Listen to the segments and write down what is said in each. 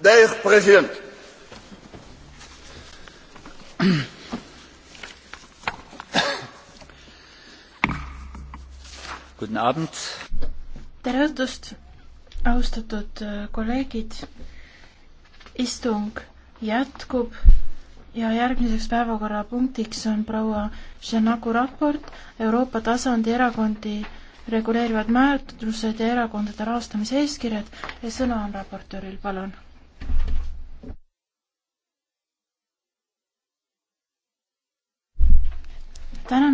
Dear President, Guten Abend. tere õhtust, austatud äh, kolleegid. istung jätkub ja järgmiseks päevakorrapunktiks on proua Šenaku raport Euroopa tasandi erakondi reguleerivad määrused ja erakondade rahastamise eeskirjad ja sõna on raportööril, palun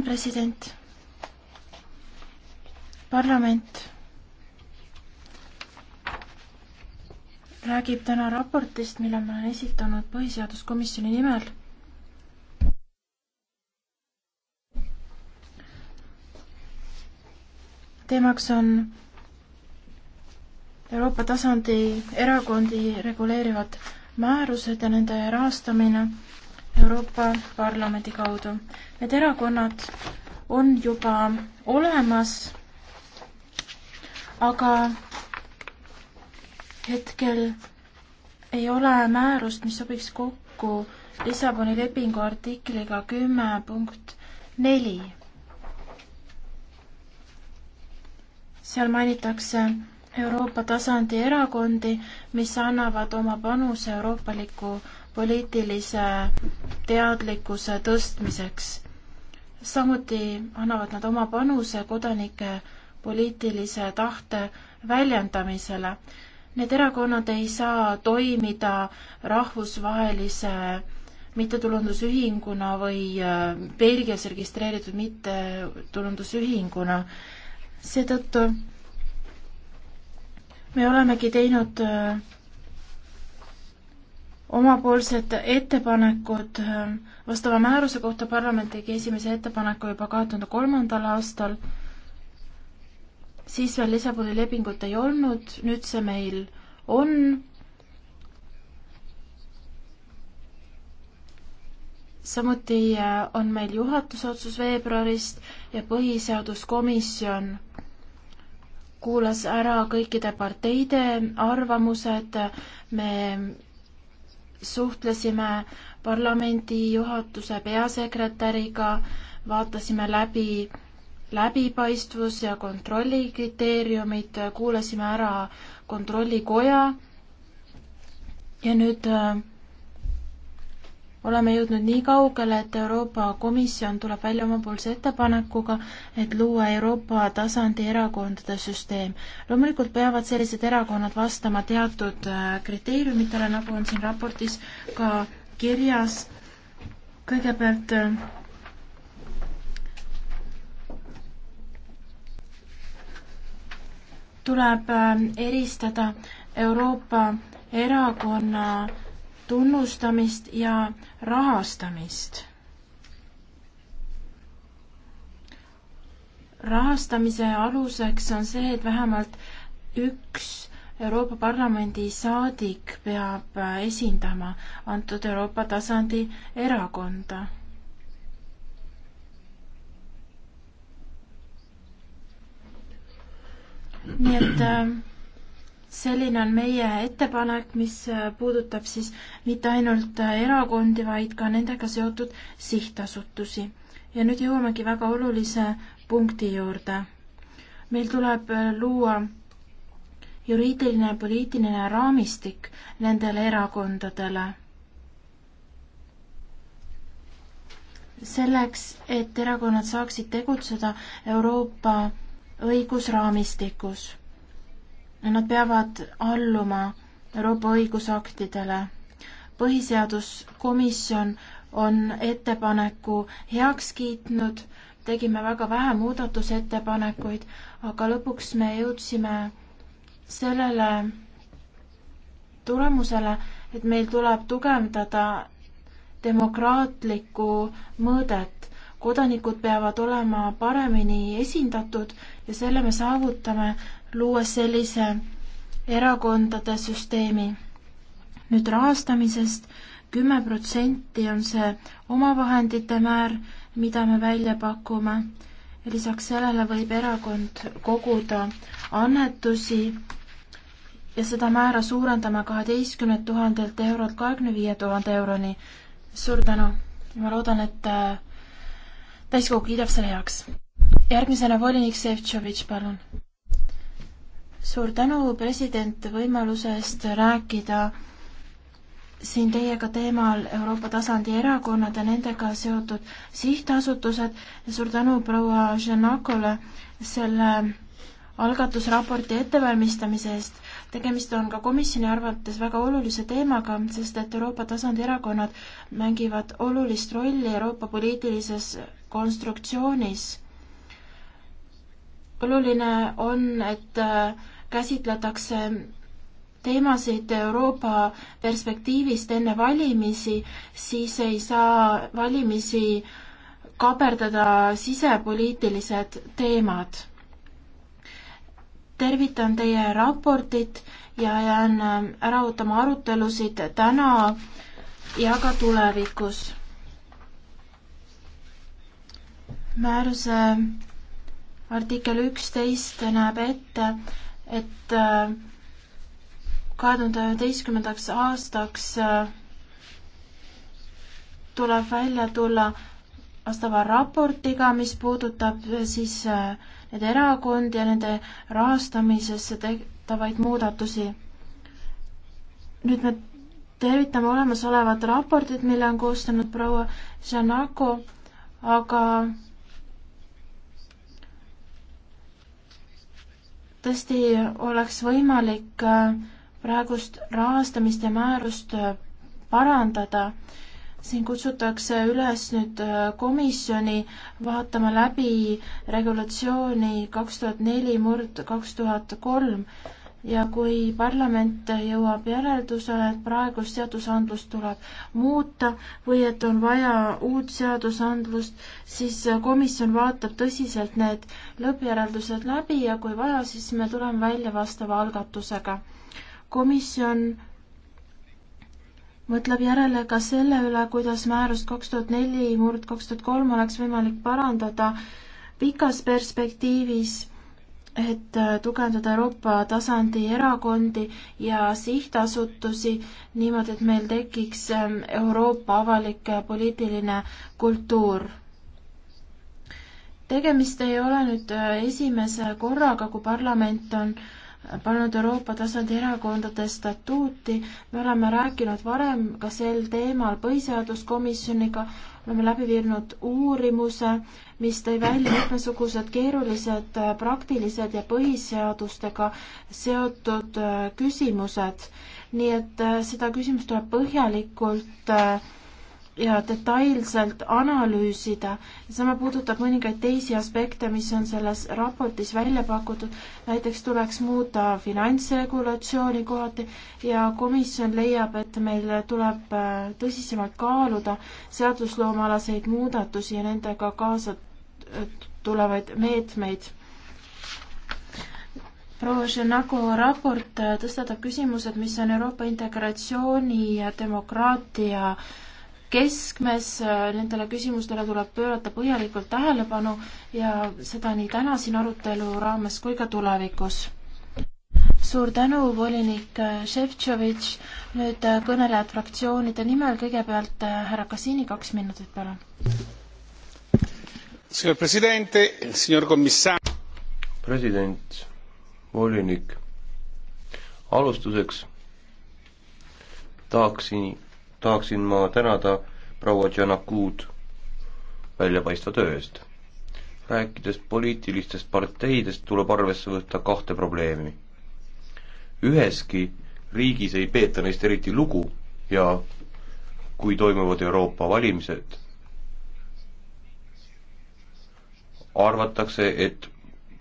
president. parlament räägib täna raportist, mille ma olen esitanud põhiseaduskomisjoni nimel. teemaks on Euroopa tasandi erakondi reguleerivad määrused ja nende rahastamine Euroopa Parlamendi kaudu. Need erakonnad on juba olemas, aga hetkel ei ole määrust, mis sobiks kokku Lissaboni lepingu artikliga kümme punkt neli. seal mainitakse Euroopa tasandi erakondi, mis annavad oma panuse euroopalikku poliitilise teadlikkuse tõstmiseks. samuti annavad nad oma panuse kodanike poliitilise tahte väljendamisele. Need erakonnad ei saa toimida rahvusvahelise mittetulundusühinguna või äh, Belgias registreeritud mittetulundusühinguna. seetõttu me olemegi teinud äh, omapoolsed ettepanekud ähm, vastava määruse kohta parlament tegi esimese ettepaneku juba kahe tuhande kolmandal aastal, siis veel Lissaboni lepingut ei olnud, nüüd see meil on. samuti äh, on meil juhatuse otsus veebruarist ja põhiseaduskomisjon kuulas ära kõikide parteide arvamused, me suhtlesime parlamendi juhatuse peasekretäriga, vaatasime läbi läbipaistvus ja kontrolli kriteeriumid, kuulasime ära kontrollikoja ja nüüd äh, oleme jõudnud nii kaugele, et Euroopa Komisjon tuleb välja omapoolse ettepanekuga, et luua Euroopa tasandi erakondade süsteem. loomulikult peavad sellised erakonnad vastama teatud äh, kriteeriumitele, nagu on siin raportis ka kirjas. kõigepealt äh, tuleb äh, eristada Euroopa erakonna tunnustamist ja rahastamist. rahastamise aluseks on see, et vähemalt üks Euroopa Parlamendi saadik peab äh, esindama antud Euroopa tasandi erakonda. nii et äh, selline on meie ettepanek, mis äh, puudutab siis mitte ainult äh, erakondi, vaid ka nendega seotud sihtasutusi. ja nüüd jõuamegi väga olulise punkti juurde. meil tuleb äh, luua juriidiline ja poliitiline raamistik nendele erakondadele. selleks, et erakonnad saaksid tegutseda Euroopa õigusraamistikus nad peavad alluma Euroopa õigusaktidele. põhiseaduskomisjon on ettepaneku heaks kiitnud, tegime väga vähe muudatusettepanekuid, aga lõpuks me jõudsime sellele tulemusele, et meil tuleb tugevdada demokraatlikku mõõdet. kodanikud peavad olema paremini esindatud ja selle me saavutame luues sellise erakondade süsteemi. nüüd rahastamisest kümme protsenti on see omavahendite määr, mida me välja pakume. lisaks sellele võib erakond koguda annetusi ja seda määra suurendame kaheteistkümnelt tuhandelt eurolt kahekümne viie tuhande euroni. suur tänu, ma loodan, et äh, täiskogu kiidab selle heaks. järgmisena volinik Sevtšovitš, palun suur tänu, president, võimaluse eest rääkida siin teiega teemal Euroopa tasandi erakonnad ja nendega seotud sihtasutused ja suur tänu proua Žanakole selle algatusraporti ettevalmistamise eest. tegemist on ka komisjoni arvates väga olulise teemaga, sest et Euroopa tasandi erakonnad mängivad olulist rolli Euroopa poliitilises konstruktsioonis oluline on, et äh, käsitletakse teemasid Euroopa perspektiivist enne valimisi, siis ei saa valimisi kaaperdada sisepoliitilised teemad. tervitan teie raportit ja jään äh, ära ootama arutelusid täna ja ka tulevikus. määruse artikkel üksteist näeb ette, et äh, kahe tuhande üheteistkümnendaks aastaks äh, tuleb välja tulla vastava raportiga, mis puudutab äh, siis neid erakondi ja nende rahastamisesse tehtavaid muudatusi. nüüd me tervitame olemasolevat raportit, mille on koostanud proua Žanako, aga tõesti oleks võimalik äh, praegust rahastamist ja määrust äh, parandada. siin kutsutakse üles nüüd äh, komisjoni vaatama läbi regulatsiooni kaks tuhat neli murd kaks tuhat kolm ja kui parlament jõuab järeldusele, et praegust seadusandlust tuleb muuta või et on vaja uut seadusandlust, siis komisjon vaatab tõsiselt need lõppjäreldused läbi ja kui vaja, siis me tuleme välja vastava algatusega. komisjon mõtleb järele ka selle üle, kuidas määrust kaks tuhat neli murd kaks tuhat kolm oleks võimalik parandada pikas perspektiivis et äh, tugevdada Euroopa tasandi erakondi ja sihtasutusi niimoodi, et meil tekiks ähm, Euroopa avalik äh, poliitiline kultuur. tegemist ei ole nüüd äh, esimese korraga, kui parlament on pannud Euroopa tasandi erakondade statuuti, me oleme rääkinud varem ka sel teemal põhiseaduskomisjoniga, oleme läbi viinud uurimuse, mis tõi välja mitmesugused keerulised äh, praktilised ja põhiseadustega seotud äh, küsimused. nii et äh, seda küsimust tuleb põhjalikult äh, ja detailselt analüüsida. sama puudutab mõningaid teisi aspekte, mis on selles raportis välja pakutud. näiteks tuleks muuta finantsregulatsiooni kohati ja komisjon leiab, et meil tuleb äh, tõsisemalt kaaluda seadusloomealaseid muudatusi ja nendega kaasa äh, tulevaid meetmeid. proua Ženago raport äh, tõstatab küsimused, mis on Euroopa integratsiooni ja demokraatia äh, keskmes, äh, nendele küsimustele tuleb pöörata põhjalikult tähelepanu ja seda nii täna siin arutelu raames kui ka tulevikus. suur tänu, volinik äh, Šefčovitš, nüüd äh, kõnelejad fraktsioonide nimel, kõigepealt härra Kasiini, kaks minutit, palun. president, volinik, alustuseks tahaksin tahaksin ma tänada proua Janakud väljapaistva töö eest. rääkides poliitilistest parteidest, tuleb arvesse võtta kahte probleemi. üheski riigis ei peeta neist eriti lugu ja kui toimuvad Euroopa valimised, arvatakse, et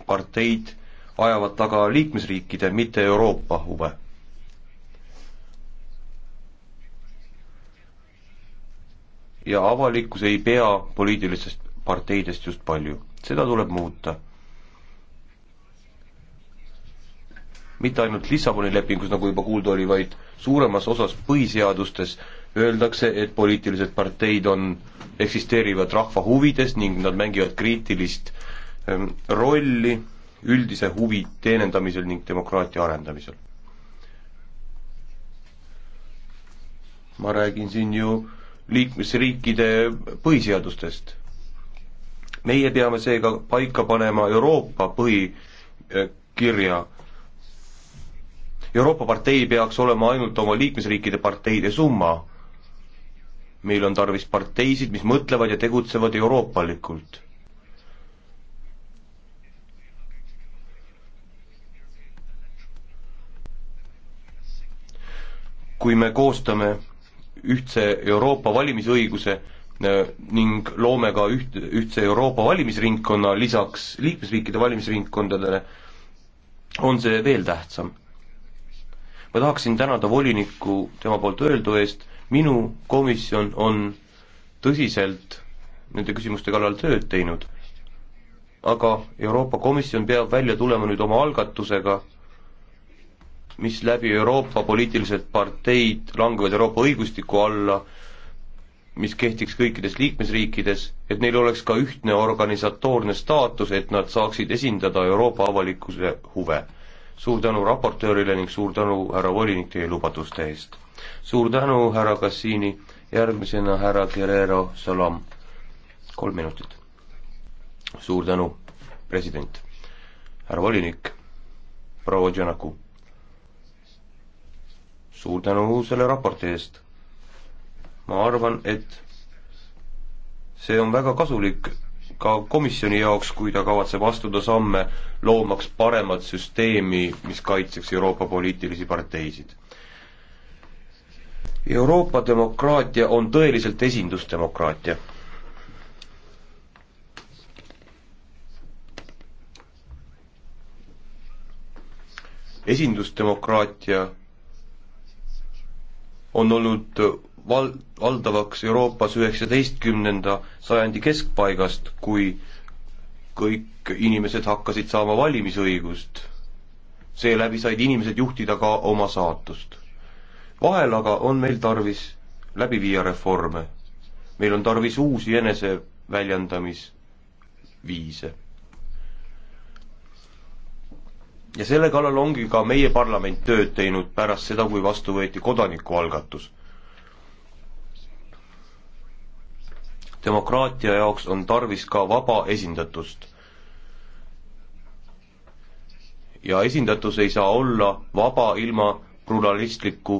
parteid ajavad taga liikmesriikide, mitte Euroopa huve ja avalikkus ei pea poliitilistest parteidest just palju. seda tuleb muuta. mitte ainult Lissaboni lepingus, nagu juba kuulda oli, vaid suuremas osas põhiseadustes öeldakse, et poliitilised parteid on, eksisteerivad rahva huvides ning nad mängivad kriitilist ähm, rolli üldise huvi teenindamisel ning demokraatia arendamisel. ma räägin siin ju liikmesriikide põhiseadustest. meie peame seega paika panema Euroopa põhikirja. Euroopa partei peaks olema ainult oma liikmesriikide parteide summa. meil on tarvis parteisid, mis mõtlevad ja tegutsevad euroopalikult. kui me koostame ühtse Euroopa valimisõiguse äh, ning loome ka üht, ühtse Euroopa valimisringkonna lisaks liikmesriikide valimisringkondadele, on see veel tähtsam. ma tahaksin tänada volinikku tema poolt öeldu eest, minu komisjon on tõsiselt nende küsimuste kallal tööd teinud, aga Euroopa Komisjon peab välja tulema nüüd oma algatusega, mis läbi Euroopa poliitilised parteid langevad Euroopa õigustiku alla, mis kehtiks kõikides liikmesriikides, et neil oleks ka ühtne organisatoorne staatus, et nad saaksid esindada Euroopa avalikkuse huve. suur tänu raportöörile ning suur tänu, härra volinik, teie lubaduste eest. suur tänu, härra Kassiini, järgmisena härra Guerrero Salam. kolm minutit. suur tänu, president, härra volinik, proua Janaku suur tänu selle raporti eest. ma arvan, et see on väga kasulik ka komisjoni jaoks, kui ta kavatseb astuda samme, loomaks paremat süsteemi, mis kaitseks Euroopa poliitilisi parteisid. Euroopa demokraatia on tõeliselt esindusdemokraatia. esindusdemokraatia on olnud äh, val-, valdavaks Euroopas üheksateistkümnenda sajandi keskpaigast, kui kõik inimesed hakkasid saama valimisõigust. seeläbi said inimesed juhtida ka oma saatust. vahel aga on meil tarvis läbi viia reforme. meil on tarvis uusi eneseväljendamisviise ja selle kallal ongi ka meie parlament tööd teinud pärast seda, kui vastu võeti kodanikualgatus. demokraatia jaoks on tarvis ka vaba esindatust. ja esindatus ei saa olla vaba ilma pluralistliku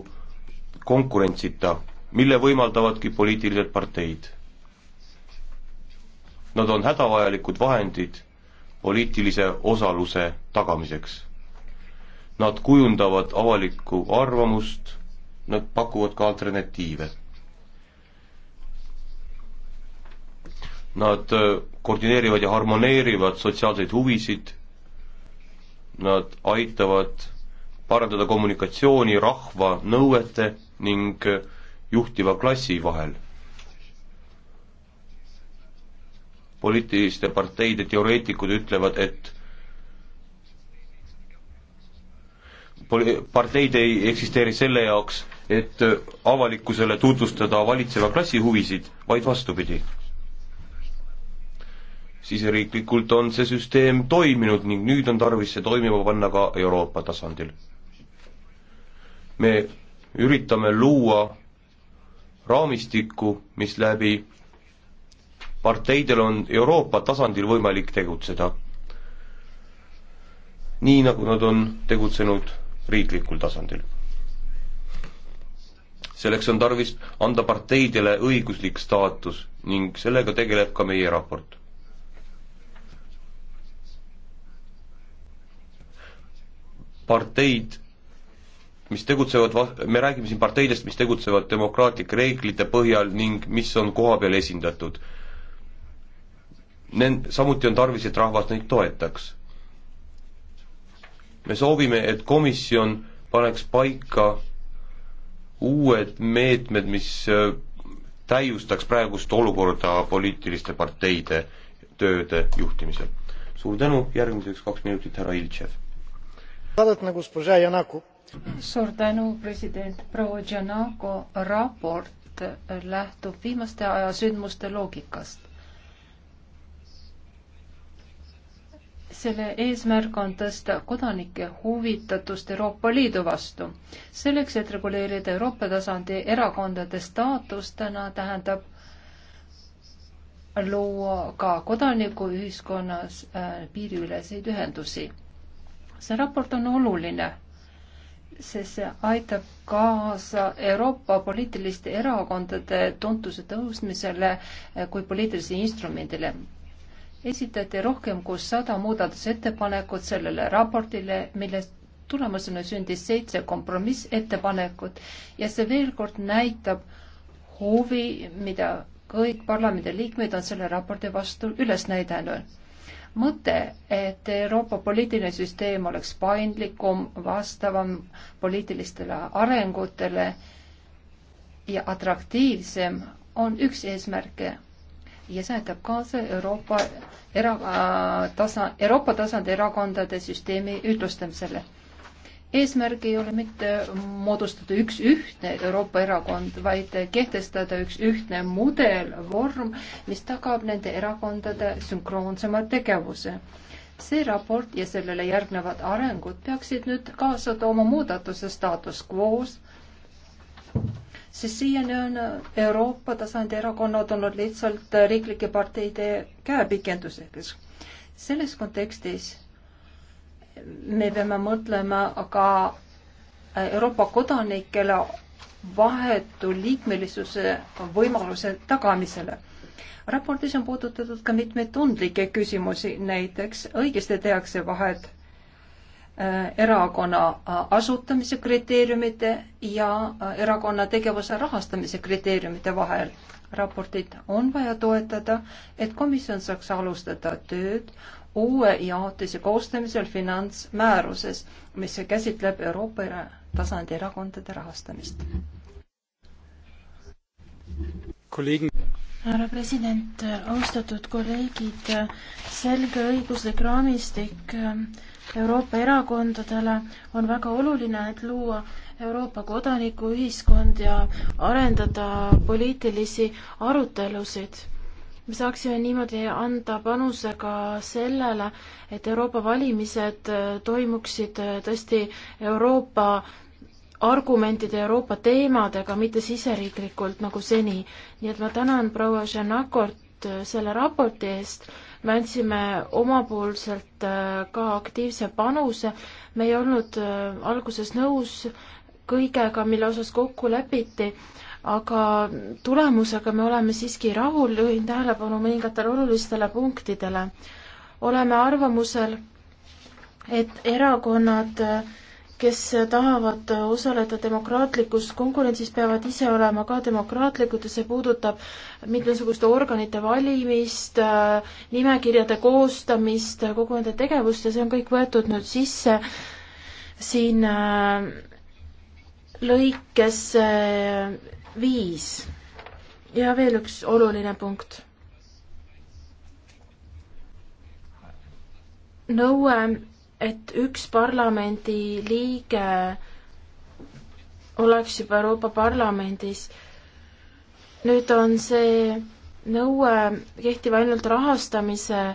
konkurentsita, mille võimaldavadki poliitilised parteid. Nad on hädavajalikud vahendid poliitilise osaluse tagamiseks. Nad kujundavad avalikku arvamust, nad pakuvad ka alternatiive. Nad äh, koordineerivad ja harmoneerivad sotsiaalseid huvisid, nad aitavad parandada kommunikatsiooni rahva nõuete ning äh, juhtiva klassi vahel poliitiliste parteide teoreetikud ütlevad, et poli-, parteid ei eksisteeri selle jaoks, et avalikkusele tutvustada valitseva klassi huvisid, vaid vastupidi. siseriiklikult on see süsteem toiminud ning nüüd on tarvis see toimima panna ka Euroopa tasandil. me üritame luua raamistikku, mis läbi parteidel on Euroopa tasandil võimalik tegutseda. nii, nagu nad on tegutsenud riiklikul tasandil. selleks on tarvis anda parteidele õiguslik staatus ning sellega tegeleb ka meie raport. parteid mis tegutsevad, me räägime siin parteidest, mis tegutsevad demokraatlike reeglite põhjal ning mis on kohapeal esindatud. Nend-, samuti on tarvis, et rahvas neid toetaks. me soovime, et komisjon paneks paika uued meetmed, mis äh, täiustaks praegust olukorda poliitiliste parteide tööde juhtimisel. suur tänu, järgmiseks kaks minutit, härra Iltšev. Nagu suur tänu, president, proua Janako raport lähtub viimaste aja sündmuste loogikast selle eesmärk on tõsta kodanike huvitatust Euroopa Liidu vastu. selleks, et reguleerida Euroopa tasandi erakondade staatustena, tähendab luua ka kodanikuühiskonnas äh, piiriüleseid ühendusi. see raport on oluline, sest see aitab kaasa Euroopa poliitiliste erakondade tuntuse tõusmisele äh, kui poliitilisele instrumendile esitati rohkem kui sada muudatusettepanekut sellele raportile, millest tulemusena sündis seitse kompromissettepanekut ja see veel kord näitab huvi, mida kõik parlamendiliikmed on selle raporti vastu üles näidanud. mõte, et Euroopa poliitiline süsteem oleks paindlikum, vastavam poliitilistele arengutele ja atraktiivsem, on üks eesmärke ja see aitab kaasa Euroopa era-, tasa, Euroopa tasandi erakondade süsteemi ühtlustamisele. eesmärk ei ole mitte moodustada üks ühtne Euroopa erakond, vaid kehtestada üks ühtne mudel, vorm, mis tagab nende erakondade sünkroonsema tegevuse see raport ja sellele järgnevad arengud peaksid nüüd kaasa tooma muudatuse staatus quo's siis siiani on Euroopa tasandi erakonnad olnud lihtsalt riiklike parteide käepikenduseks. selles kontekstis me peame mõtlema ka Euroopa kodanikele vahetu liikmelisuse võimaluse tagamisele. raportis on puudutatud ka mitmeid tundlikke küsimusi, näiteks õigesti tehakse vahet Äh, erakonna äh, asutamise kriteeriumite ja äh, erakonna tegevuse rahastamise kriteeriumite vahel. raportit on vaja toetada, et komisjon saaks alustada tööd uue jaotise koostamisel finantsmääruses, mis käsitleb Euroopa tasandi erakondade rahastamist. kolleegid härra president, austatud kolleegid, selge õiguslik raamistik Euroopa erakondadele on väga oluline, et luua Euroopa kodanikuühiskond ja arendada poliitilisi arutelusid. me saaksime niimoodi anda panuse ka sellele, et Euroopa valimised toimuksid tõesti Euroopa argumentide Euroopa teemadega, mitte siseriiklikult nagu seni. nii et ma tänan proua Žanakort selle raporti eest me andsime omapoolselt äh, ka aktiivse panuse, me ei olnud äh, alguses nõus kõigega, mille osas kokku lepiti, aga tulemusega me oleme siiski rahul, juhin tähelepanu mõningatele olulistele punktidele. oleme arvamusel, et erakonnad äh, kes tahavad osaleda demokraatlikus konkurentsis, peavad ise olema ka demokraatlikud ja see puudutab mitmesuguste organite valimist, nimekirjade koostamist, kogu nende tegevust ja see on kõik võetud nüüd sisse siin äh, lõikes äh, viis. ja veel üks oluline punkt. nõue et üks parlamendi liige oleks juba Euroopa Parlamendis. nüüd on see nõue kehtiv ainult rahastamise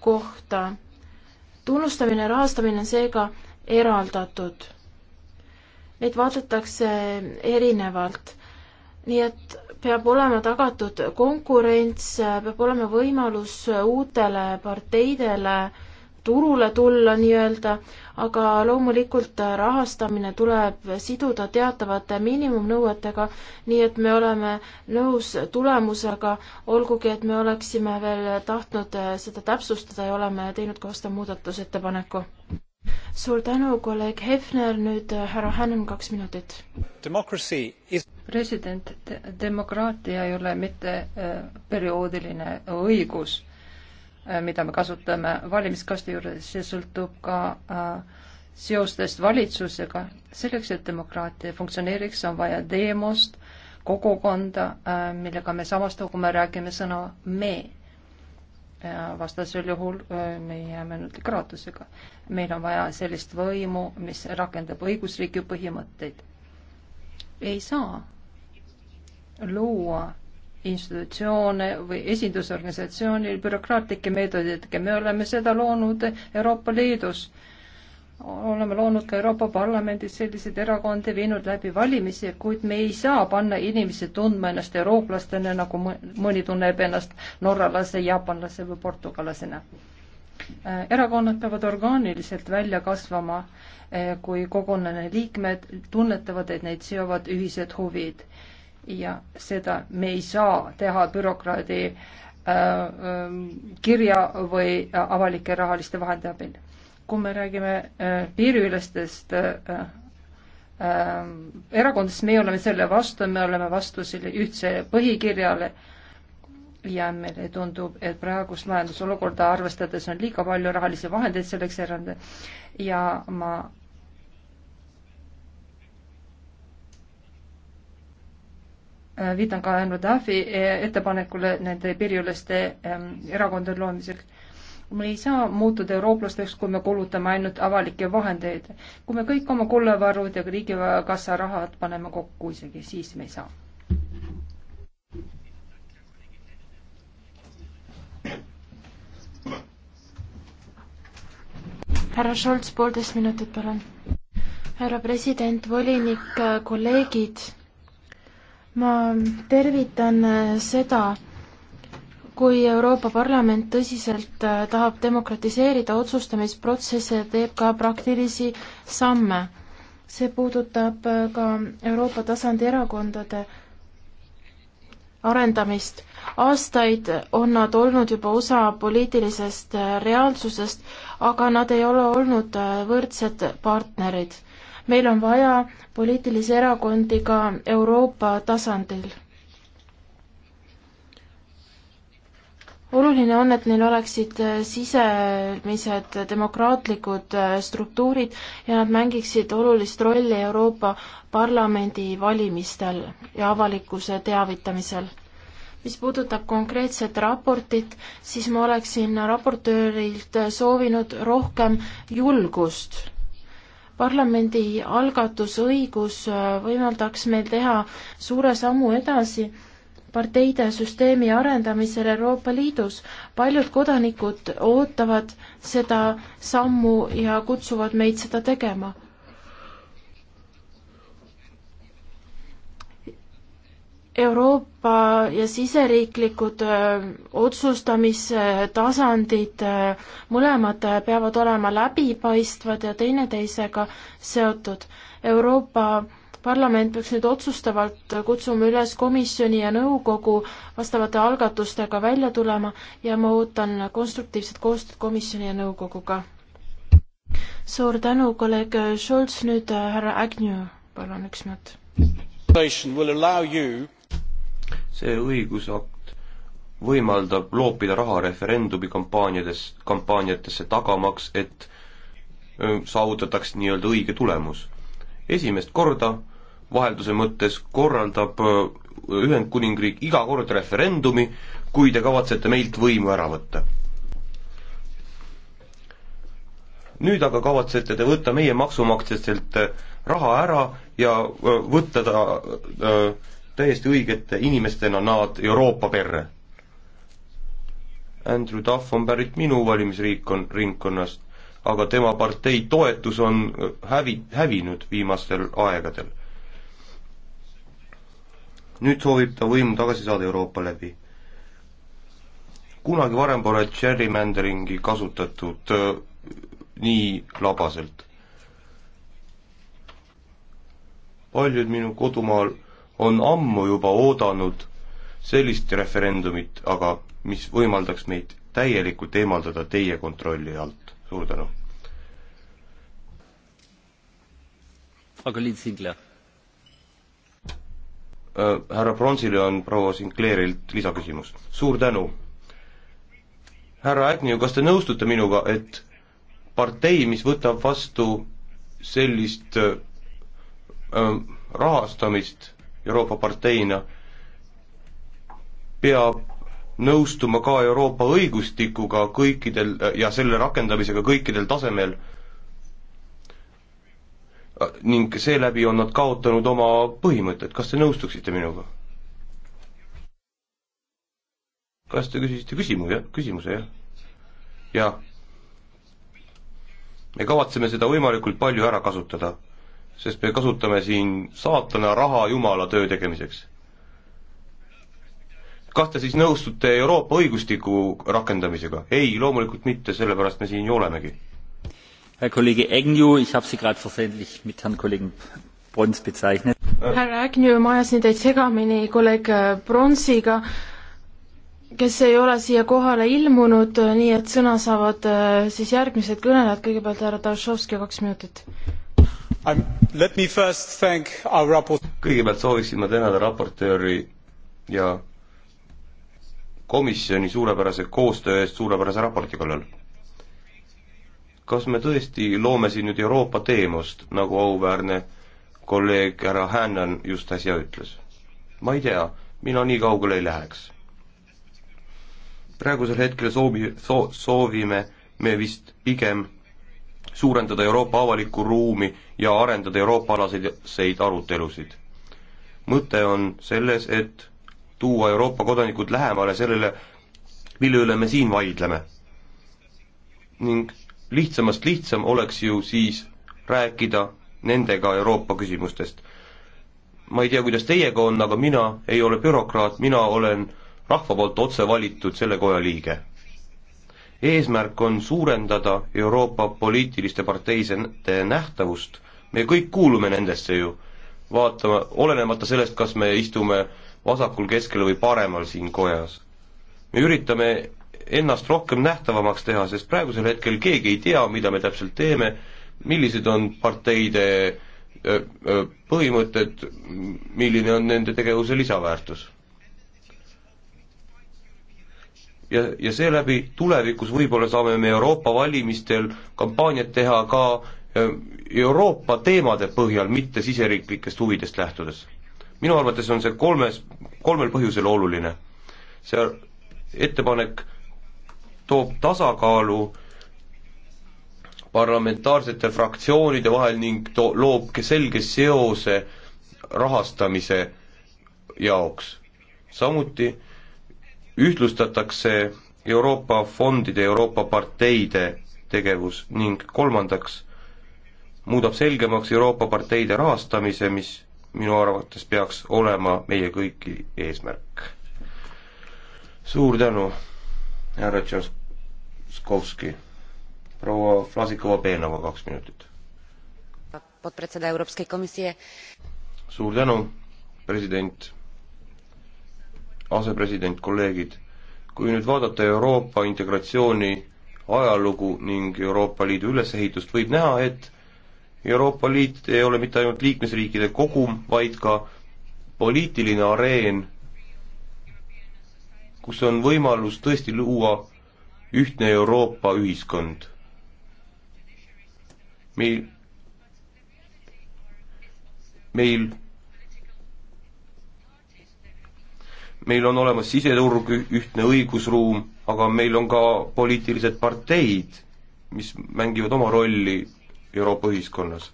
kohta. tunnustamine ja rahastamine on seega eraldatud. Neid vaadatakse erinevalt. nii et peab olema tagatud konkurents, peab olema võimalus uutele parteidele äh, turule tulla nii-öelda, aga loomulikult rahastamine tuleb siduda teatavate miinimumnõuetega, nii et me oleme nõus tulemusega, olgugi et me oleksime veel tahtnud seda täpsustada ja oleme teinud ka vastava muudatusettepaneku. suur tänu, kolleeg Hefner, nüüd härra Hännen, kaks minutit. Is... president, demokraatia ei ole mitte äh, perioodiline õigus Äh, mida me kasutame valimiskasti juures, see sõltub ka äh, seostest valitsusega. selleks, et demokraatia funktsioneeriks, on vaja demost, kogukonda, äh, millega me samastume, kui me räägime sõna me Ja vastasel juhul me jääme nüüd kraadusega. meil on vaja sellist võimu, mis rakendab õigusriigi põhimõtteid. ei saa luua institutsioone või esindusorganisatsioonil bürokraatlike meetoditega, me oleme seda loonud Euroopa Liidus. oleme loonud ka Euroopa Parlamendis selliseid erakondi, viinud läbi valimisi, kuid me ei saa panna inimesi tundma ennast eurooplastena, nagu mõni tunneb ennast norralase, jaapanlase või portugallasena erakonnad peavad orgaaniliselt välja kasvama, eh, kui kogukonna liikmed tunnetavad, et neid seovad ühised huvid ja seda me ei saa teha bürokraadi äh, ähm, kirja või avalike rahaliste vahendite abil. kui me räägime äh, piiriülestest äh, ähm, erakondadest, meie oleme selle vastu, me oleme vastu selle ühtse põhikirjale ja meile tundub, et praegust majandusolukorda arvestades on liiga palju rahalisi vahendeid selleks eraldi ja ma Äh, viitan ka NUDAFi äh, ettepanekule nende piiriüleste ähm, erakondade loomiseks. me ei saa muutuda eurooplasteks, kui me kulutame ainult avalikke vahendeid. kui me kõik oma kullevarud ja riigikassa rahad paneme kokku isegi, siis me ei saa. härra Scholz, poolteist minutit, palun. härra president, volinik, kolleegid ma tervitan äh, seda, kui Euroopa Parlament tõsiselt äh, tahab demokratiseerida otsustamisprotsesse ja teeb ka praktilisi samme. see puudutab äh, ka Euroopa tasandi erakondade arendamist. aastaid on nad olnud juba osa poliitilisest reaalsusest, aga nad ei ole olnud võrdsed partnerid meil on vaja poliitilisi erakondi ka Euroopa tasandil. oluline on, et neil oleksid sisemised demokraatlikud struktuurid ja nad mängiksid olulist rolli Euroopa Parlamendi valimistel ja avalikkuse teavitamisel mis puudutab konkreetset raportit, siis ma oleksin raportöörilt soovinud rohkem julgust parlamendi algatusõigus äh, võimaldaks meil teha suure sammu edasi parteide süsteemi arendamisel Euroopa Liidus. paljud kodanikud ootavad seda sammu ja kutsuvad meid seda tegema Euroopa ja siseriiklikud äh, otsustamistasandid, äh, mõlemad äh, peavad olema läbipaistvad ja teineteisega seotud. Euroopa Parlament peaks nüüd otsustavalt kutsuma üles komisjoni ja nõukogu vastavate algatustega välja tulema ja ma ootan konstruktiivset koostööd komisjoni ja nõukoguga. suur tänu, kolleeg Scholz, nüüd härra Agnew, palun üks minut. will allow you see õigusakt võimaldab loopida raha referendumi kampaaniades, kampaaniatesse tagamaks, et saavutataks nii-öelda õige tulemus. esimest korda vahelduse mõttes korraldab Ühendkuningriik iga kord referendumi, kui te kavatsete meilt võimu ära võtta. nüüd aga kavatsete te võtta meie maksumaksjatelt äh, raha ära ja võtta ta täiesti õigete inimestena nad Euroopa perre. Andrew Duff on pärit minu valimisringkonnast, aga tema partei toetus on äh, hävi-, hävinud viimastel aegadel. nüüd soovib ta võimu tagasi saada Euroopa läbi. kunagi varem pole gerrymandering'i kasutatud öö, äh, nii labaselt. paljud minu kodumaal on ammu juba oodanud sellist referendumit, aga mis võimaldaks meid täielikult eemaldada teie kontrolli alt. suur tänu. Äh, härra Bronsile on proua Sinclairilt lisaküsimus. suur tänu. härra Agnew, kas te nõustute minuga, et partei, mis võtab vastu sellist äh, äh rahastamist Euroopa parteina peab nõustuma ka Euroopa õigustikuga kõikidel ja selle rakendamisega kõikidel tasemel ning seeläbi on nad kaotanud oma põhimõtted, kas te nõustuksite minuga? kas te küsisite küsimu-, jah, küsimuse, jah? jah. me kavatseme seda võimalikult palju ära kasutada sest me kasutame siin saatana raha Jumala töö tegemiseks. kas te siis nõustute Euroopa õigustiku rakendamisega? ei, loomulikult mitte, sellepärast me siin ju olemegi. Herr Kollege Agnew, ich habe Sie gerade versehentlich mit Herrn Kollegen Brons bezeichnet. härra äh. Agnew, ma ajasin teid segamini kolleeg äh, Bronsiga, kes ei ole siia kohale ilmunud, äh, nii et sõna saavad siis järgmised kõnelejad, kõigepealt härra Tašovski, kaks minutit kõigepealt sooviksin ma tänada raportööri ja komisjoni suurepärase koostöö eest suurepärase raporti kallal. kas me tõesti loome siin nüüd Euroopa teemust, nagu auväärne kolleeg härra Hännan just äsja ütles? ma ei tea, mina nii kaugele ei läheks. praegusel hetkel soovi, soo-, soovime me vist pigem suurendada Euroopa avalikku ruumi ja arendada Euroopa-alaseid arutelusid. mõte on selles, et tuua Euroopa kodanikud lähemale sellele, mille üle me siin vaidleme. ning lihtsamast lihtsam oleks ju siis rääkida nendega Euroopa küsimustest. ma ei tea, kuidas teiega on, aga mina ei ole bürokraat, mina olen rahva poolt otse valitud selle koja liige eesmärk on suurendada Euroopa poliitiliste parteide nähtavust, me kõik kuulume nendesse ju, vaatama, olenemata sellest, kas me istume vasakul, keskel või paremal siin kojas. me üritame ennast rohkem nähtavamaks teha, sest praegusel hetkel keegi ei tea, mida me täpselt teeme, millised on parteide äh, äh, põhimõtted, milline on nende tegevuse lisaväärtus ja, ja seeläbi tulevikus võib-olla saame me Euroopa valimistel kampaaniat teha ka äh, Euroopa teemade põhjal, mitte siseriiklikest huvidest lähtudes. minu arvates on see kolmes, kolmel põhjusel oluline. see ettepanek toob tasakaalu parlamentaarsete fraktsioonide vahel ning to-, loob selge seose rahastamise jaoks. samuti ühtlustatakse Euroopa fondide, Euroopa parteide tegevus ning kolmandaks, muudab selgemaks Euroopa parteide rahastamise, mis minu arvates peaks olema meie kõiki eesmärk. suur tänu, härra Tšaskovski. proua Vlasikova-Peenova, kaks minutit. suur tänu, president asepresident, kolleegid, kui nüüd vaadata Euroopa integratsiooni ajalugu ning Euroopa Liidu ülesehitust, võib näha, et Euroopa Liit ei ole mitte ainult liikmesriikide kogum, vaid ka poliitiline areen, kus on võimalus tõesti luua ühtne Euroopa ühiskond. meil, meil meil on olemas siseturg, ühtne õigusruum, aga meil on ka poliitilised parteid, mis mängivad oma rolli Euroopa ühiskonnas.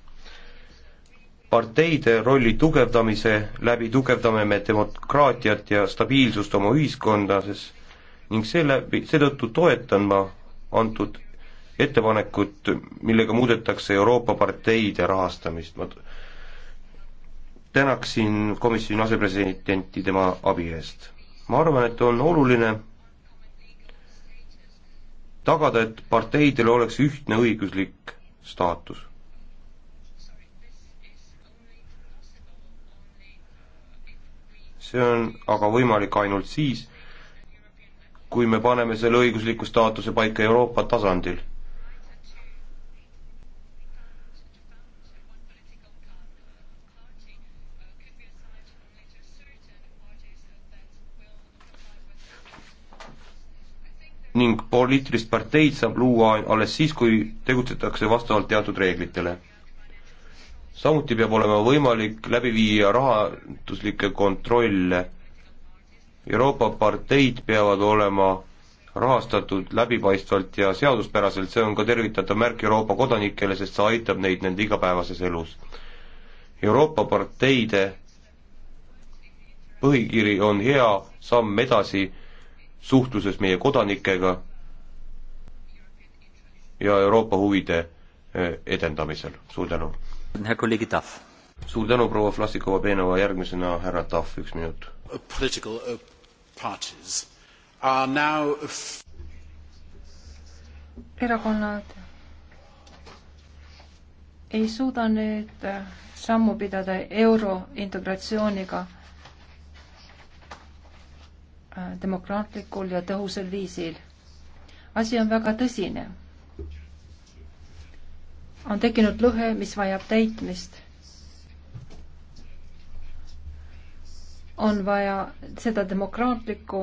parteide rolli tugevdamise läbi tugevdame me demokraatiat ja stabiilsust oma ühiskondades ning seeläbi, seetõttu toetan ma antud ettepanekut, millega muudetakse Euroopa parteide rahastamist, ma tänaksin komisjoni asepresidenti tema abi eest. ma arvan, et on oluline tagada, et parteidel oleks ühtne õiguslik staatus. see on aga võimalik ainult siis, kui me paneme selle õigusliku staatuse paika Euroopa tasandil ning poliitilist parteid saab luua alles siis, kui tegutsetakse vastavalt teatud reeglitele. samuti peab olema võimalik läbi viia rahanduslikke kontrolle. Euroopa parteid peavad olema rahastatud läbipaistvalt ja seaduspäraselt, see on ka tervitatav märk Euroopa kodanikele, sest see aitab neid nende igapäevases elus. Euroopa parteide põhikiri on hea samm edasi suhtluses meie kodanikega ja Euroopa huvide eh, edendamisel. suur tänu! suur tänu, proua Vlassikova-Peenova, järgmisena härra Tahv, üks minut. Uh, uh, erakonnad ei suuda nüüd eh, sammu pidada euro integratsiooniga Äh, demokraatlikul ja tõhusal viisil. asi on väga tõsine. on tekkinud lõhe, mis vajab täitmist. on vaja seda demokraatlikku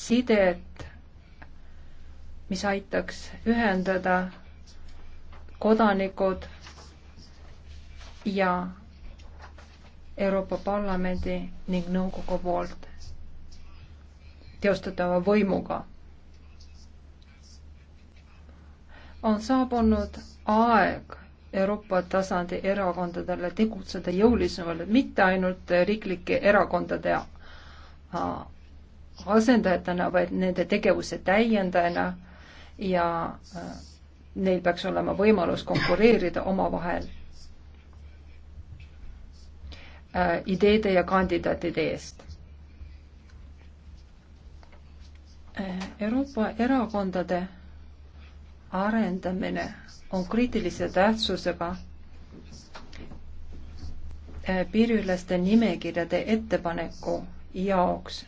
sidet, mis aitaks ühendada kodanikud ja Euroopa Parlamendi ning nõukogu poolt teostatava võimuga. on saabunud aeg Euroopa tasandi erakondadele tegutseda jõulisemalt, mitte ainult riiklike erakondade äh, asendajatena, vaid nende tegevuse täiendajana ja äh, neil peaks olema võimalus konkureerida omavahel äh, ideede ja kandidaatide eest. Euroopa erakondade arendamine on kriitilise tähtsusega eh, piiriüleste nimekirjade ettepaneku jaoks,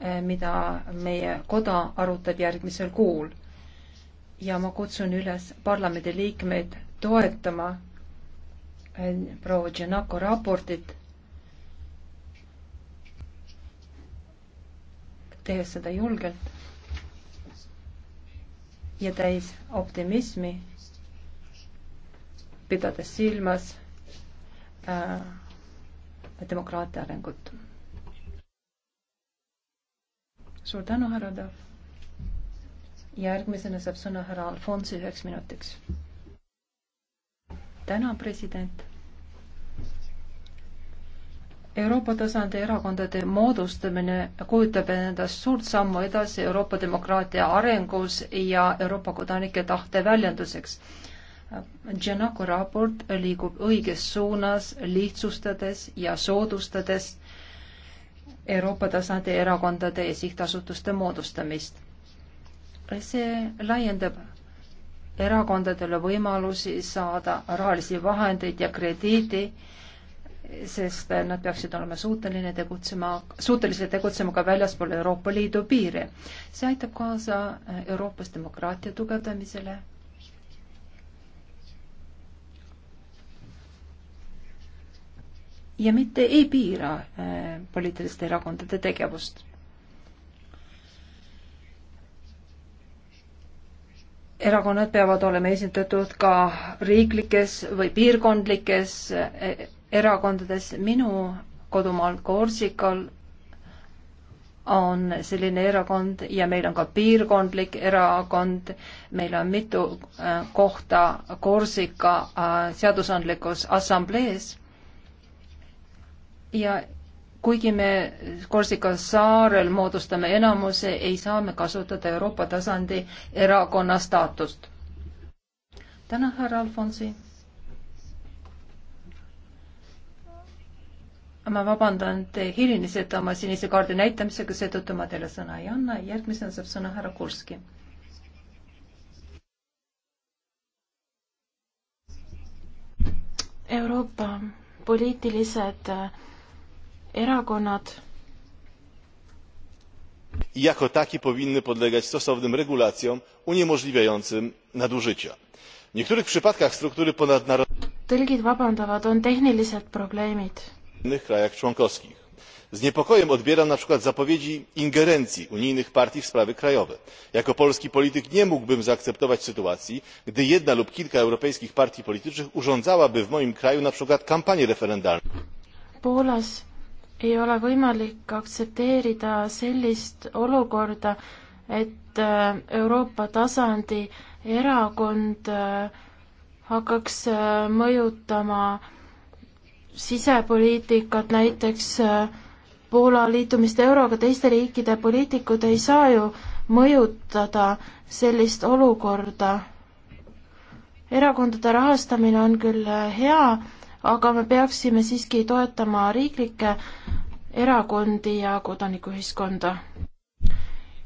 eh, mida meie koda arutab järgmisel kuul. ja ma kutsun üles parlamendi liikmeid toetama eh, proua Genako raportit, tehes seda julgelt ja täis optimismi, pidades silmas äh, demokraatia arengut. suur tänu, härra Tav. järgmisena saab sõna härra Alfonsi üheks minutiks. täna president Euroopa tasandi erakondade moodustamine kujutab endast suurt sammu edasi Euroopa demokraatia arengus ja Euroopa kodanike tahte väljenduseks. Genako raport liigub õiges suunas, lihtsustades ja soodustades Euroopa tasandi erakondade ja sihtasutuste moodustamist. see laiendab erakondadele võimalusi saada rahalisi vahendeid ja krediidi sest nad peaksid olema suuteline tegutsema, suutelised tegutsema ka väljaspool Euroopa Liidu piire. see aitab kaasa Euroopas demokraatia tugevdamisele. ja mitte ei piira eh, poliitiliste erakondade tegevust. erakonnad peavad olema esindatud ka riiklikes või piirkondlikes eh, erakondades. minu kodumaal Korsikal on selline erakond ja meil on ka piirkondlik erakond, meil on mitu äh, kohta Korsika äh, seadusandlikus assamblees. ja kuigi me Korsika saarel moodustame enamuse, ei saa me kasutada Euroopa tasandi erakonna staatust. tänan, härra Alfonsi ma vabandan, te hilinesite oma sinise kaardi näitamisega, seetõttu ma teile sõna ei anna. järgmisena saab sõna härra Kurski. Euroopa poliitilised äh, erakonnad jako takie powinny podlegać stosownym regulacjom uniemożliwiającym nadużycia. w niektórych przypadkach struktury ponadnarodowe innych krajach członkowskich. z niepokojem odbieram na przykład zapowiedzi ingerencji unijnych partii w sprawy krajowe. jako polski polityk nie mógłbym zaakceptować sytuacji gdy jedna lub kilka europejskich partii politycznych urządzałaby w moim kraju na przykład kampanię referendalną. poolas ei ole võimalik aktsepteerida sellist olukorda et äh, euroopa tasandi erakond äh, hakkaks äh, mõjutama sisepoliitikat, näiteks äh, Poola liitumist euroga, teiste riikide poliitikud ei saa ju mõjutada sellist olukorda. erakondade rahastamine on küll äh, hea, aga me peaksime siiski toetama riiklikke erakondi ja kodanikuühiskonda.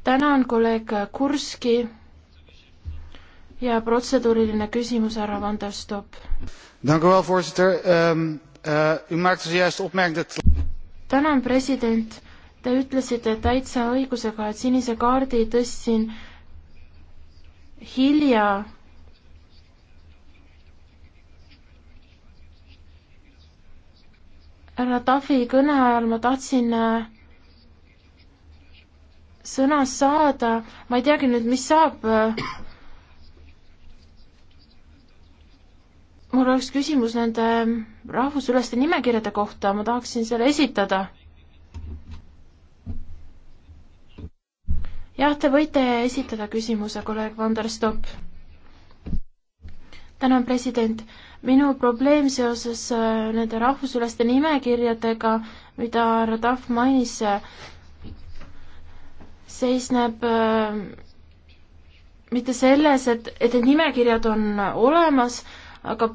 tänan kolleeg Kurski ja protseduuriline küsimus härra Vanderstopp. tänan, voorzitter um Eh, tänan, president. Te ütlesite täitsa õigusega, et sinise kaardi tõstsin hilja. härra Tafi kõne ajal ma tahtsin eh, sõna saada, ma ei teagi nüüd, mis saab eh, mul oleks küsimus nende rahvusüleste nimekirjade kohta, ma tahaksin selle esitada. jah, te võite esitada küsimuse, kolleeg Vanderstopp. tänan, president. minu probleem seoses äh, nende rahvusüleste nimekirjadega, mida härra Tahv mainis, seisneb äh, mitte selles, et, et need nimekirjad on olemas, aga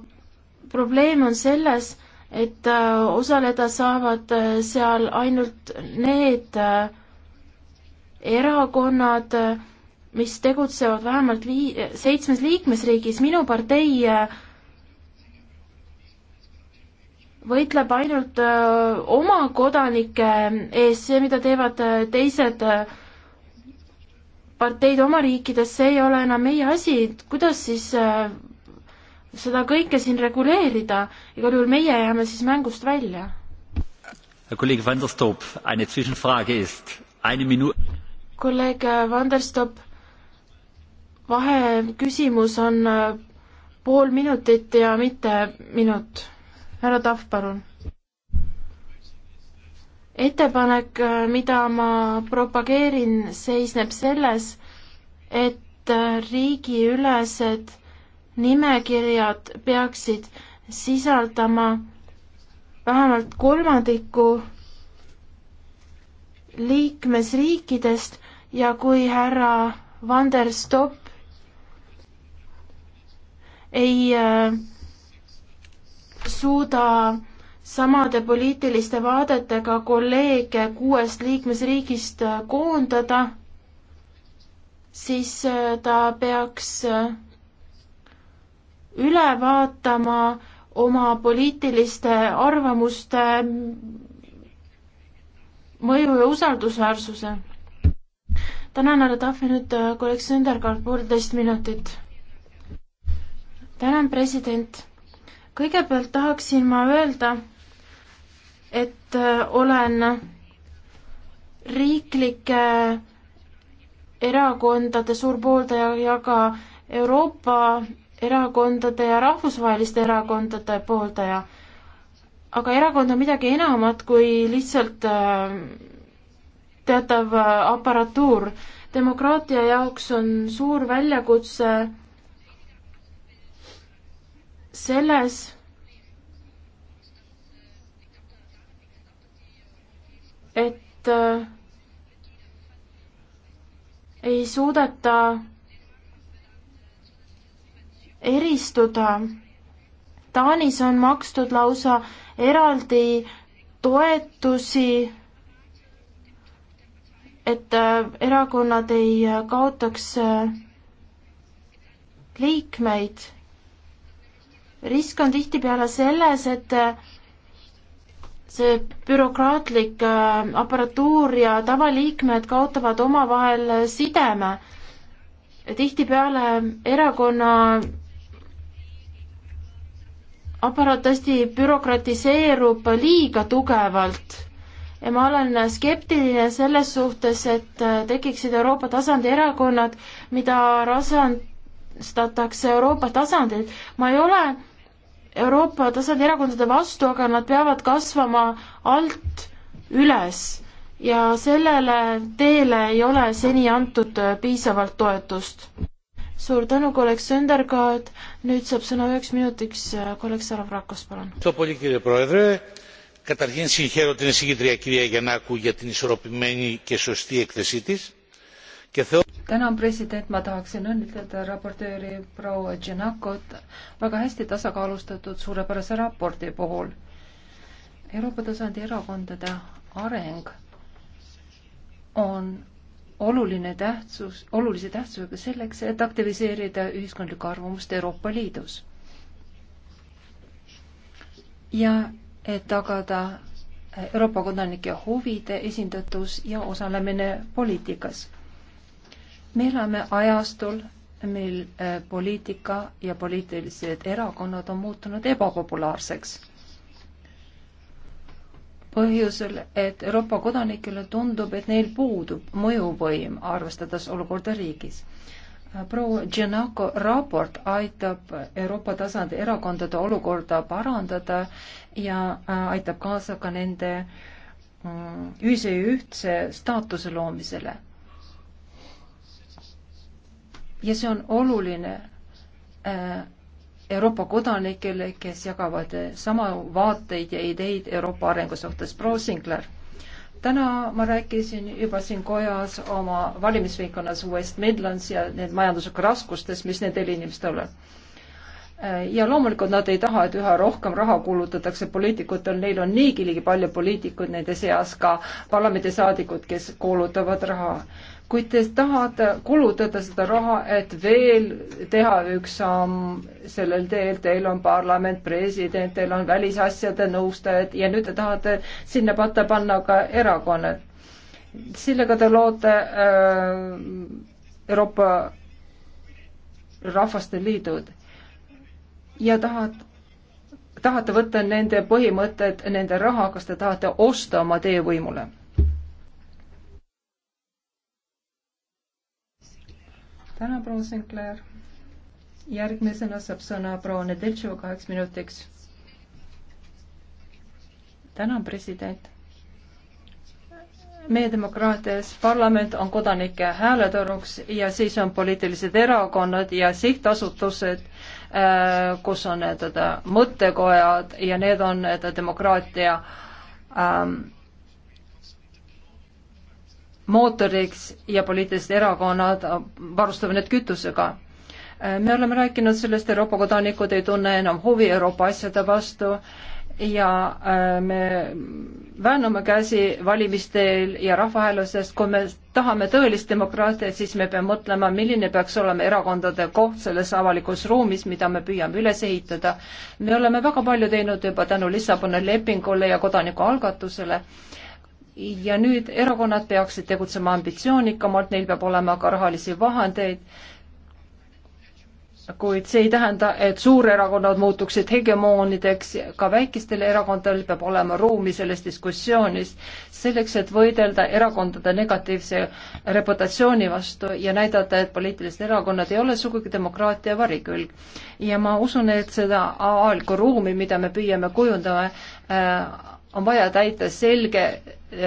probleem on selles, et äh, osaleda saavad äh, seal ainult need äh, erakonnad, mis tegutsevad vähemalt vii-, seitsmes liikmesriigis, minu partei võitleb ainult oma kodanike ees, see, mida teevad teised parteid oma riikides, see ei ole enam meie asi, kuidas siis seda kõike siin reguleerida, igal juhul meie jääme siis mängust välja. kolleeg Van der Stoop, eine Zwischenfrage ist eine minu-. kolleeg Van der Stoop, vaheküsimus on äh, pool minutit ja mitte minut. härra Tahv, palun. ettepanek, äh, mida ma propageerin, seisneb selles, et äh, riigiülesed nimekirjad peaksid sisaldama vähemalt kolmandiku liikmesriikidest ja kui härra Van der Stopp ei äh, suuda samade poliitiliste vaadetega kolleege kuuest liikmesriigist äh, koondada, siis äh, ta peaks äh, üle vaatama oma poliitiliste arvamuste mõju ja usaldusväärsuse. tänan, härra Tahvi, nüüd äh, kolleeg Sõnderkaart, poolteist minutit. tänan, president. kõigepealt tahaksin ma öelda, et äh, olen riiklike erakondade suur pooldaja ja ka Euroopa erakondade ja rahvusvaheliste erakondade pooldaja. aga erakond on midagi enamat kui lihtsalt äh, teatav äh, aparatuur. demokraatia jaoks on suur väljakutse selles, et äh, ei suudeta eristuda. Taanis on makstud lausa eraldi toetusi, et äh, erakonnad ei äh, kaotaks äh, liikmeid. risk on tihtipeale selles, et see bürokraatlik aparatuur ja tavaliikmed kaotavad omavahel sideme. tihtipeale erakonna aparaat hästi bürokratiseerub liiga tugevalt ja ma olen skeptiline selles suhtes, et äh, tekiksid Euroopa tasandi erakonnad, mida rasandatakse Euroopa tasandil. ma ei ole Euroopa tasandi erakondade vastu, aga nad peavad kasvama alt üles ja sellele teele ei ole seni antud äh, piisavalt toetust suur tänu, kolleeg Sõndergaard, nüüd saab sõna üheks minutiks äh, kolleeg Sarafrakos, palun. Καταρχήν συγχαίρω την εισηγήτρια κυρία Γιαννάκου για την ισορροπημένη και σωστή έκθεσή της. Και θεω... Tänan president, ma tahaksin õnnitleda raportööri proua Janakot väga hästi tasakaalustatud suurepärase raporti puhul. Euroopa tasandi erakondade areng on oluline tähtsus, olulise tähtsusega selleks, et aktiviseerida ühiskondlikku arvamust Euroopa Liidus. ja et tagada Euroopa kodanike huvide esindatus ja osalemine poliitikas. me elame ajastul, mil eh, poliitika ja poliitilised erakonnad on muutunud ebapopulaarseks põhjusel, et Euroopa kodanikele tundub, et neil puudub mõjuvõim, arvestades olukorda riigis. proua Giannaco raport aitab Euroopa tasandi erakondade olukorda parandada ja äh, aitab kaasa ka nende mm, ühise ja ühtse staatuse loomisele. ja see on oluline äh, Euroopa kodanikele, kes jagavad sama vaateid ja ideid Euroopa arengu suhtes. proua Singler, täna ma rääkisin juba siin kojas oma valimisringkonnas West Midlands ja need majanduslikud raskustes, mis nendel inimestel on. ja loomulikult nad ei taha, et üha rohkem raha kulutatakse poliitikutel, neil on niigi ligi palju poliitikuid nende seas ka parlamendisaadikud, kes kuulutavad raha kuid te tahate kulutada seda raha, et veel teha üks samm sellel teel, teil on parlament, president, teil on välisasjade nõustajad ja nüüd te tahate sinna patta panna ka erakonnad. sellega te loote äh, Euroopa Rahvaste Liidud ja tahad, tahate võtta nende põhimõtted, nende raha, kas te tahate osta oma teevõimule tänan, proua Sinclair. järgmisena saab sõna proua Nedeltšova kaheks minutiks. tänan, president. meie demokraatias parlament on kodanike hääletoruks ja siis on poliitilised erakonnad ja sihtasutused, äh, kus on need äh, mõttekojad ja need on need demokraatia ähm, mootoriks ja poliitilised erakonnad varustavad need kütusega. me oleme rääkinud sellest, Euroopa kodanikud ei tunne enam huvi Euroopa asjade vastu ja äh, me väänume käsi valimistel ja rahvahääletusest, kui me tahame tõelist demokraatiat, siis me peame mõtlema, milline peaks olema erakondade koht selles avalikus ruumis, mida me püüame üles ehitada. me oleme väga palju teinud juba tänu Lissaboni lepingule ja kodanikualgatusele ja nüüd erakonnad peaksid tegutsema ambitsioonikamalt, neil peab olema ka rahalisi vahendeid, kuid see ei tähenda, et suurerakonnad muutuksid hegemoonideks, ka väikestel erakondadel peab olema ruumi selles diskussioonis, selleks et võidelda erakondade negatiivse reputatsiooni vastu ja näidata, et poliitilised erakonnad ei ole sugugi demokraatia varikülg. ja ma usun, et seda avalikku ruumi, mida me püüame kujundada, äh, on vaja täita selge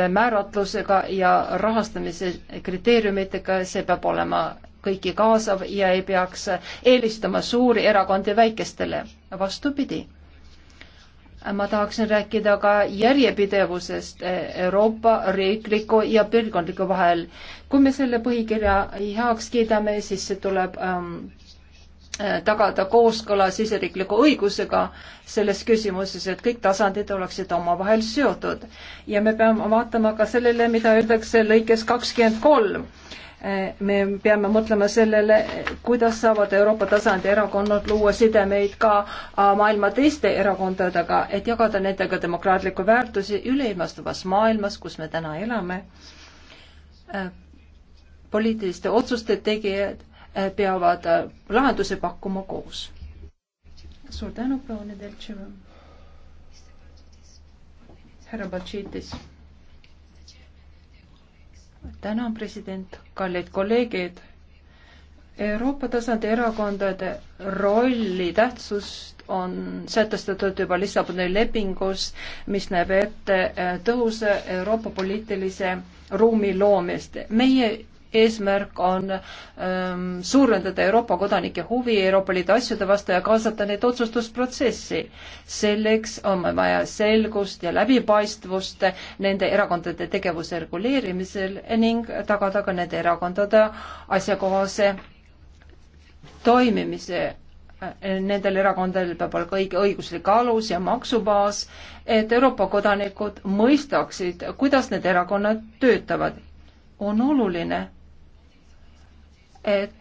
määratlusega ja rahastamise kriteeriumitega, see peab olema kõiki kaasav ja ei peaks eelistama suuri erakondi väikestele. vastupidi. ma tahaksin rääkida ka järjepidevusest Euroopa riikliku ja piirkondliku vahel. kui me selle põhikirja heaks kiidame, siis see tuleb ähm, Äh, tagada kooskõla siseriikliku õigusega selles küsimuses, et kõik tasandid oleksid omavahel seotud. ja me peame vaatama ka sellele, mida öeldakse lõikes kakskümmend kolm. Äh, me peame mõtlema sellele, kuidas saavad Euroopa tasandi erakonnad luua sidemeid ka äh, maailma teiste erakondadega, et jagada nendega demokraatlikku väärtusi üleilmastuvas maailmas, kus me täna elame. poliitiliste otsuste tegijad peavad äh, lahenduse pakkuma koos. suur tänu, proua Nedeltševa. härra Batšiitis. tänan, president, kallid kolleegid. Euroopa tasandi erakondade rolli tähtsust on sätestatud juba Lissaboni lepingus, mis näeb ette äh, tõhusa Euroopa poliitilise ruumi loomist. meie eesmärk on ähm, suurendada Euroopa kodanike huvi Euroopa Liidu asjade vastu ja kaasata neid otsustusprotsessi. selleks on vaja selgust ja läbipaistvust nende erakondade tegevuse reguleerimisel ning tagada ka nende erakondade asjakohase toimimise nendel erakondadel peab olema õige õiguslik alus ja maksubaas, et Euroopa kodanikud mõistaksid, kuidas need erakonnad töötavad. on oluline, et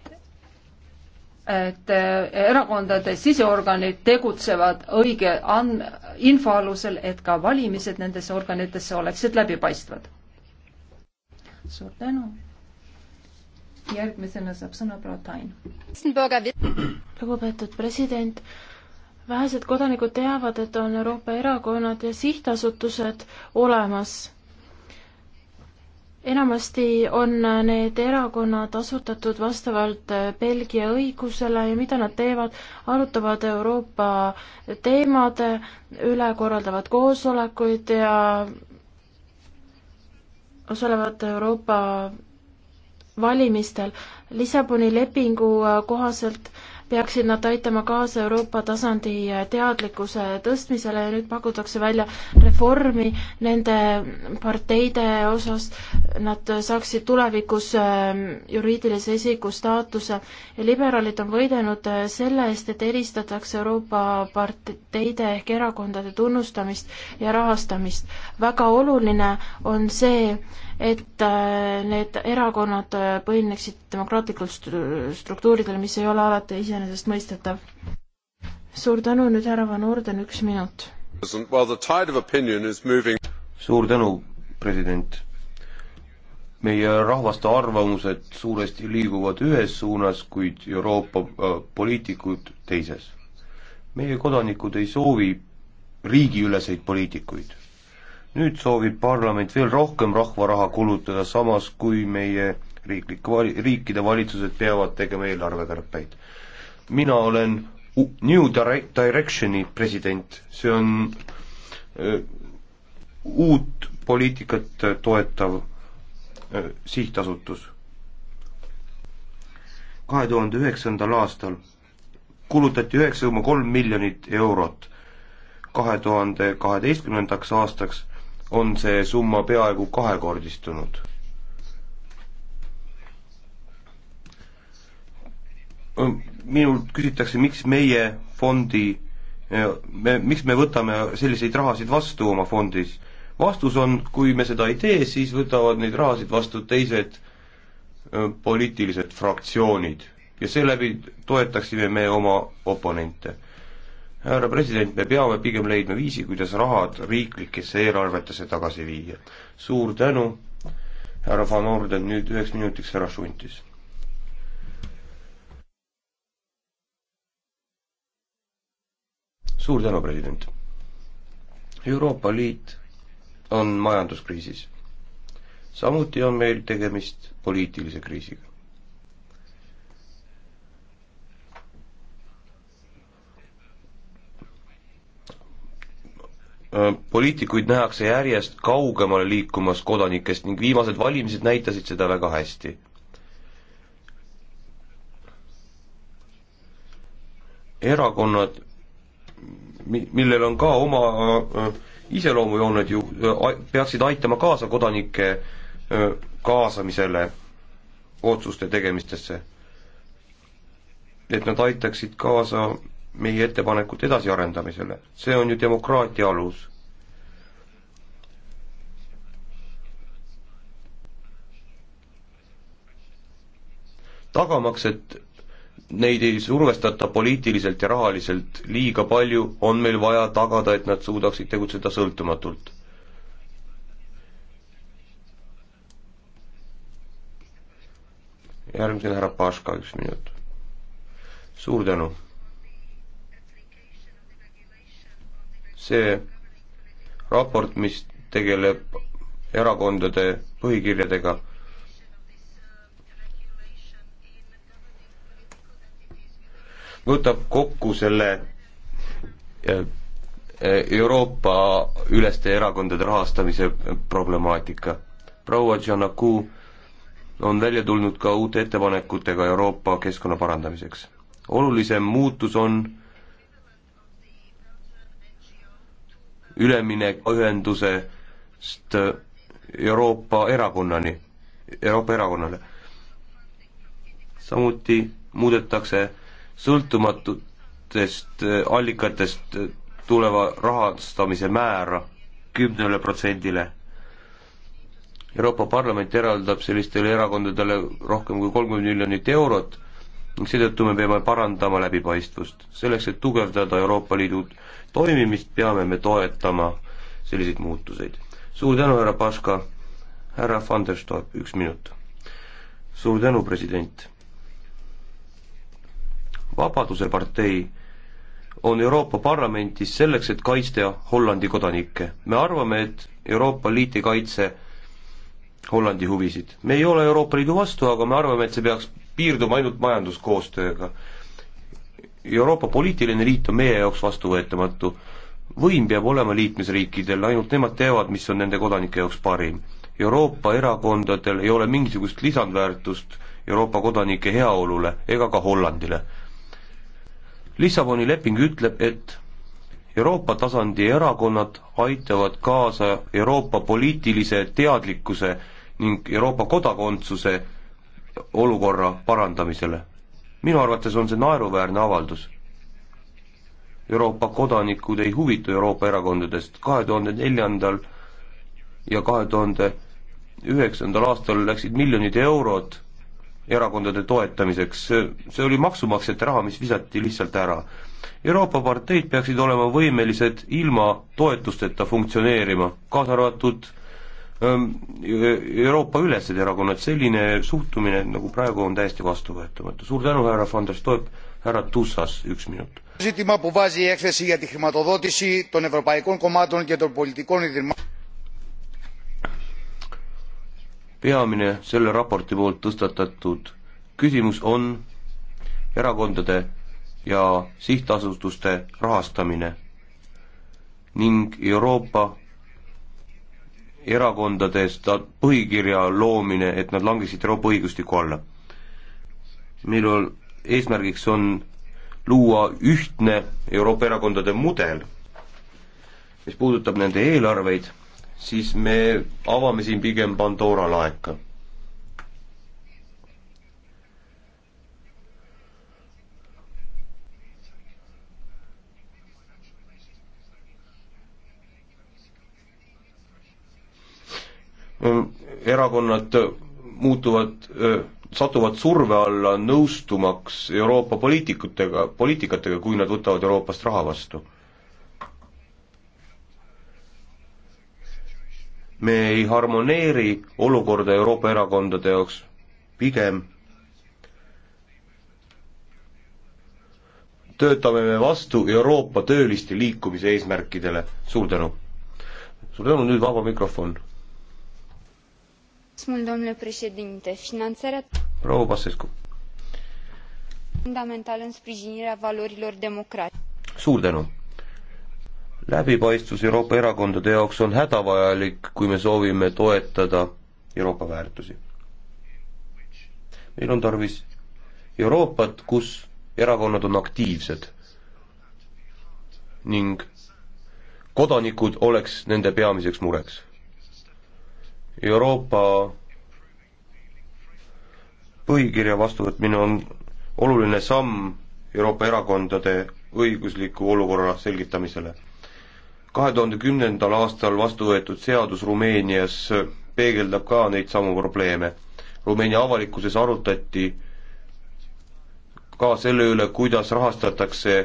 et eh, erakondade siseorganid tegutsevad õige an-, info alusel, et ka valimised nendesse organitesse oleksid läbipaistvad. suur tänu. järgmisena saab sõna proua Tain. lugupeetud president, vähesed kodanikud teavad, et on Euroopa erakonnad ja sihtasutused olemas enamasti on need erakonnad asutatud vastavalt Belgia õigusele ja mida nad teevad, arutavad Euroopa teemade üle, korraldavad koosolekuid ja osalevad Euroopa valimistel. Lissaboni lepingu kohaselt äh, peaksid nad aitama kaasa Euroopa tasandi teadlikkuse tõstmisele ja nüüd pakutakse välja reformi nende parteide osas, nad saaksid tulevikus ähm, juriidilise isiku staatuse ja liberaalid on võidelnud äh, selle eest, et eristatakse Euroopa parteide ehk erakondade tunnustamist ja rahastamist. väga oluline on see, et äh, need erakonnad äh, põhineksid demokraatlikul struktuuridel, mis ei ole alati iseenesestmõistetav. suur tänu, nüüd härra Van Orden, üks minut. suur tänu, president. meie rahvaste arvamused suuresti liiguvad ühes suunas, kuid Euroopa äh, poliitikud teises. meie kodanikud ei soovi riigiüleseid poliitikuid nüüd soovib parlament veel rohkem rahva raha kulutada, samas kui meie riiklik vali-, riikide valitsused peavad tegema eelarvekärpeid. mina olen New Direct-, Directioni president, see on öö, uut poliitikat toetav öö, sihtasutus. kahe tuhande üheksandal aastal kulutati üheksa koma kolm miljonit eurot, kahe tuhande kaheteistkümnendaks aastaks on see summa peaaegu kahekordistunud. minult küsitakse, miks meie fondi, me, miks me võtame selliseid rahasid vastu oma fondis vastus on, kui me seda ei tee, siis võtavad neid rahasid vastu teised poliitilised fraktsioonid ja seeläbi toetaksime me oma oponente härra president, me peame pigem leidma viisi, kuidas rahad riiklikesse eelarvetesse tagasi viia. suur tänu, härra Van Orden, nüüd üheks minutiks härra Šuntis. suur tänu, president. Euroopa Liit on majanduskriisis. samuti on meil tegemist poliitilise kriisiga poliitikuid nähakse järjest kaugemale liikumas kodanikest ning viimased valimised näitasid seda väga hästi. erakonnad, millel on ka oma iseloomujooned ju, peaksid aitama kaasa kodanike kaasamisele otsuste tegemistesse. et nad aitaksid kaasa meie ettepanekute edasiarendamisele, see on ju demokraatia alus. tagamaks, et neid ei survestata poliitiliselt ja rahaliselt liiga palju, on meil vaja tagada, et nad suudaksid tegutseda sõltumatult järgmisena härra Paška, üks minut. suur tänu see raport, mis tegeleb erakondade põhikirjadega, võtab kokku selle eh, eh, Euroopa üleste erakondade rahastamise problemaatika. proua Janaku on välja tulnud ka uute ettepanekutega Euroopa keskkonna parandamiseks. olulisem muutus on üleminek ühendusest Euroopa erakonnani, Euroopa erakonnale. samuti muudetakse sõltumatutest allikatest tuleva rahastamise määra kümnele protsendile. Euroopa Parlament eraldab sellistele erakondadele rohkem kui kolmkümmend miljonit eurot ning seetõttu me peame parandama läbipaistvust, selleks et tugevdada Euroopa Liidu toimimist, peame me toetama selliseid muutuseid. suur tänu, härra Paska, härra Van der Stoep, üks minut. suur tänu, president. vabaduse partei on Euroopa Parlamendis selleks, et kaitsta Hollandi kodanikke. me arvame, et Euroopa Liit ei kaitse Hollandi huvisid. me ei ole Euroopa Liidu vastu, aga me arvame, et see peaks piirduma ainult majanduskoostööga Euroopa poliitiline liit on meie jaoks vastuvõetamatu. võim peab olema liikmesriikidel, ainult nemad teavad, mis on nende kodanike jaoks parim. Euroopa erakondadel ei ole mingisugust lisandväärtust Euroopa kodanike heaolule ega ka Hollandile. Lissaboni leping ütleb, et Euroopa tasandi erakonnad aitavad kaasa Euroopa poliitilise teadlikkuse ning Euroopa kodakondsuse olukorra parandamisele minu arvates on see naeruväärne avaldus. Euroopa kodanikud ei huvitu Euroopa erakondadest, kahe tuhande neljandal ja kahe tuhande üheksandal aastal läksid miljonid eurod erakondade toetamiseks, see oli maksumaksjate raha, mis visati lihtsalt ära. Euroopa parteid peaksid olema võimelised ilma toetusteta funktsioneerima, kaasa arvatud Euroopa ülesed erakonnad, selline suhtumine nagu praegu on täiesti vastuvõetamatu. suur tänu, härra van der Stoep, härra Tussas, üks minut. ζήτημα που βάζει η έκθεση για τη χρηματοδότηση των ευρωπαϊκών κομμάτων και των πολιτικών ιδρυμάτων peamine selle raporti poolt tõstatatud küsimus on erakondade ja sihtasutuste rahastamine ning Euroopa erakondade põhikirja loomine, et nad langesid Euroopa õigustiku alla. millel eesmärgiks on luua ühtne Euroopa erakondade mudel, mis puudutab nende eelarveid, siis me avame siin pigem Pandora laeka erakonnad muutuvad, satuvad surve alla nõustumaks Euroopa poliitikutega, poliitikatega, kui nad võtavad Euroopast raha vastu. me ei harmoneeri olukorda Euroopa erakondade jaoks, pigem töötame me vastu Euroopa tööliste liikumise eesmärkidele, suur tänu! suur tänu, nüüd vaba mikrofon proua Pasescu. suur tänu. läbipaistvus Euroopa erakondade jaoks on hädavajalik, kui me soovime toetada Euroopa väärtusi. meil on tarvis Euroopat, kus erakonnad on aktiivsed ning kodanikud oleks nende peamiseks mureks Euroopa põhikirja vastuvõtmine on oluline samm Euroopa erakondade õigusliku olukorra selgitamisele. kahe tuhande kümnendal aastal vastu võetud seadus Rumeenias peegeldab ka neid samu probleeme. Rumeenia avalikkuses arutati ka selle üle, kuidas rahastatakse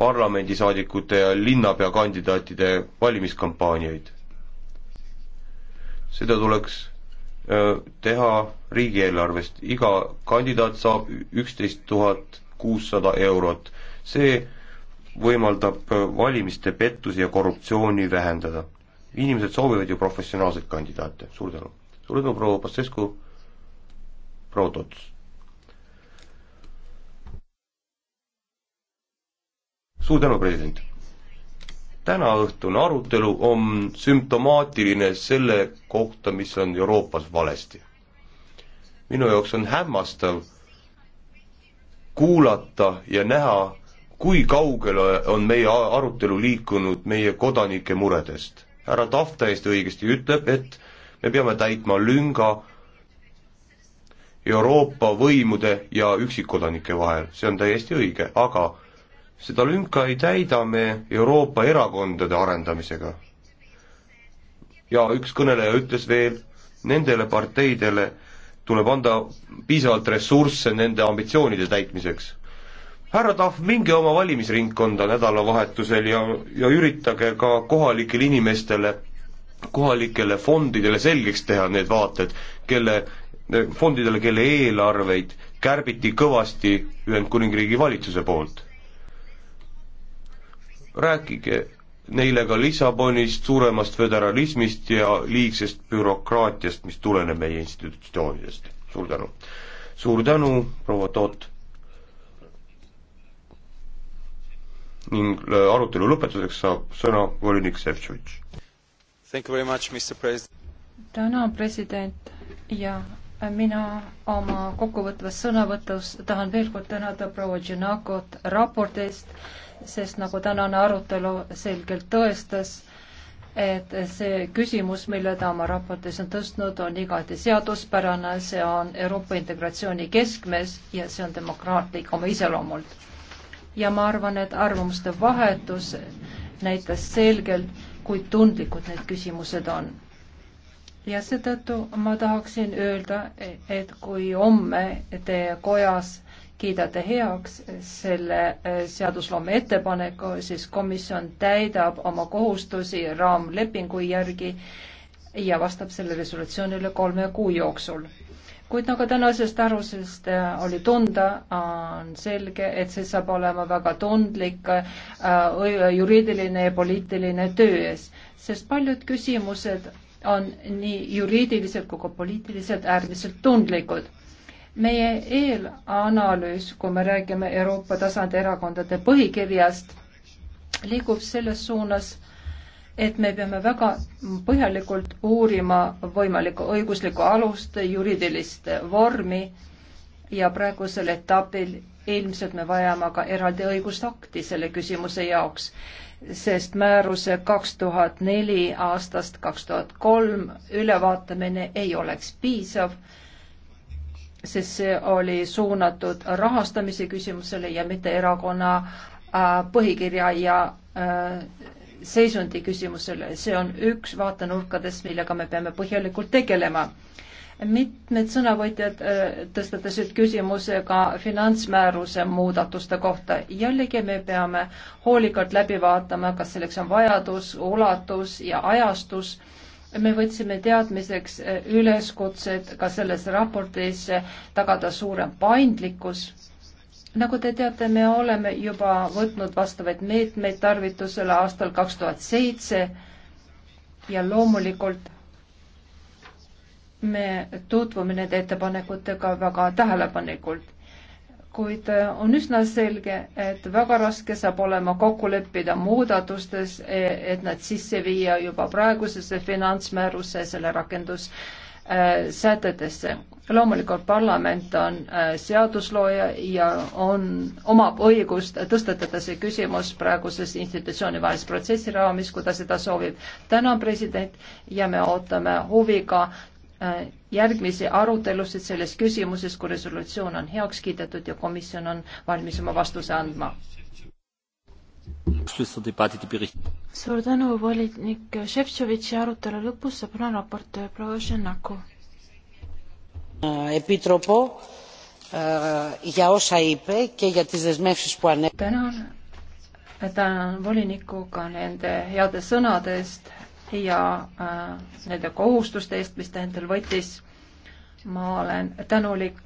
parlamendisaadikute ja linnapeakandidaatide valimiskampaaniaid seda tuleks teha riigieelarvest, iga kandidaat saab üksteist tuhat kuussada eurot. see võimaldab valimiste pettusi ja korruptsiooni vähendada. inimesed soovivad ju professionaalseid kandidaate, suur tänu. suur tänu, proua Pasescu, proua Tots. suur tänu, president tänaõhtune arutelu on sümptomaatiline selle kohta, mis on Euroopas valesti. minu jaoks on hämmastav kuulata ja näha, kui kaugele on meie arutelu liikunud meie kodanike muredest. härra Tahv täiesti õigesti ütleb, et me peame täitma lünga Euroopa võimude ja üksikkodanike vahel, see on täiesti õige, aga seda lünka ei täida me Euroopa erakondade arendamisega. ja üks kõneleja ütles veel, nendele parteidele tuleb anda piisavalt ressursse nende ambitsioonide täitmiseks. härra Tahv, minge oma valimisringkonda nädalavahetusel ja, ja üritage ka kohalikele inimestele, kohalikele fondidele selgeks teha need vaated, kelle, fondidele, kelle eelarveid kärbiti kõvasti Ühendkuningriigi valitsuse poolt rääkige neile ka Lissabonist, suuremast föderalismist ja liigsest bürokraatiast, mis tuleneb meie institutsioonidest. suur tänu. suur tänu, proua Toot. ning äh, arutelu lõpetuseks saab sõna volinik Šefčovitš. tänan, president ja mina oma kokkuvõtvas sõnavõtus tahan veel kord tänada proua Džinakot raportist, sest nagu tänane arutelu selgelt tõestas, et see küsimus, mille ta oma raportis on tõstnud, on igati seaduspärane, see on Euroopa integratsiooni keskmes ja see on demokraatlik oma iseloomult. ja ma arvan, et arvamuste vahetus näitas selgelt, kui tundlikud need küsimused on. ja seetõttu ma tahaksin öelda, et kui homme te kojas kiidate heaks selle äh, seadusloome ettepaneku, siis komisjon täidab oma kohustusi raamlepingu järgi ja vastab selle resolutsioonile kolme kuu jooksul. kuid nagu tänasest arusest äh, oli tunda, on selge, et see saab olema väga tundlik äh, juriidiline ja poliitiline töö ees, sest paljud küsimused on nii juriidiliselt kui ka poliitiliselt äärmiselt tundlikud meie eelanalüüs, kui me räägime Euroopa tasandi erakondade põhikirjast, liigub selles suunas, et me peame väga põhjalikult uurima võimalikku õiguslikku alust, juriidilist vormi ja praegusel etapil ilmselt me vajame ka eraldi õigusakti selle küsimuse jaoks, sest määruse kaks tuhat neli aastast kaks tuhat kolm ülevaatamine ei oleks piisav sest see oli suunatud rahastamise küsimusele ja mitte erakonna äh, põhikirja ja äh, seisundi küsimusele. see on üks vaatenurkadest, millega me peame põhjalikult tegelema. mitmed sõnavõtjad äh, tõstatasid küsimuse ka finantsmääruse muudatuste kohta. jällegi me peame hoolikalt läbi vaatama, kas selleks on vajadus, ulatus ja ajastus me võtsime teadmiseks eh, üleskutsed ka selles raportis eh, tagada suurem paindlikkus. nagu te teate, me oleme juba võtnud vastavaid meetmeid tarvitusele aastal kaks tuhat seitse ja loomulikult me tutvume nende ettepanekutega väga tähelepanelikult kuid äh, on üsna selge, et väga raske saab olema kokku leppida muudatustes, e, et nad sisse viia juba praegusesse finantsmääruse selle rakendus sätetesse. loomulikult parlament on äh, seaduslooja ja on, omab õigust tõstatada see küsimus praeguses institutsioonivahelise protsessi raames, kui ta seda soovib. tänan, president, ja me ootame huviga järgmisi arutelusid selles küsimuses, kui resolutsioon on heaks kiidetud ja komisjon on valmis oma vastuse andma. suur tänu, volinik Šefčovitši arutelu lõpus saab sõna raportöör proua Šennaku. tänan, tänan volinikuga nende heade sõnade eest ja äh, nende kohustuste eest, mis ta endale võttis. ma olen tänulik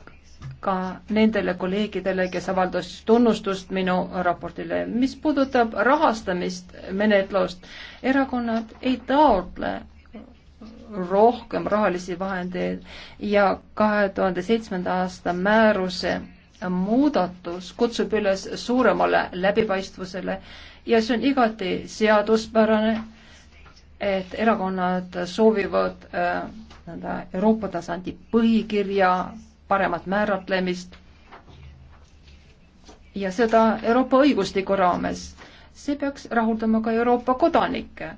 ka nendele kolleegidele, kes avaldas tunnustust minu raportile. mis puudutab rahastamist, menetlust, erakonnad ei taotle rohkem rahalisi vahendeid ja kahe tuhande seitsmenda aasta määruse muudatus kutsub üles suuremale läbipaistvusele ja see on igati seaduspärane et erakonnad soovivad äh, nõnda äh, Euroopa tasandi põhikirja paremat määratlemist ja seda Euroopa õigustiku raames. see peaks rahuldama ka Euroopa kodanikke.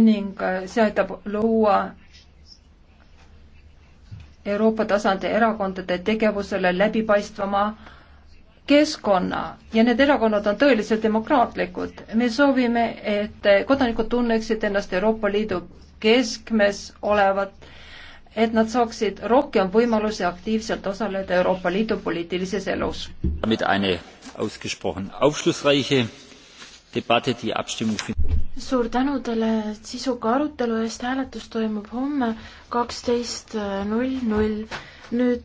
ning äh, see aitab luua Euroopa tasandi erakondade tegevusele läbipaistvama äh, keskkonna ja need erakonnad on tõeliselt demokraatlikud. me soovime, et kodanikud tunneksid ennast Euroopa Liidu keskmes olevat, et nad saaksid rohkem võimalusi aktiivselt osaleda Euroopa Liidu poliitilises elus. suur tänu teile sisuka arutelu eest, hääletus toimub homme kaksteist null null. nüüd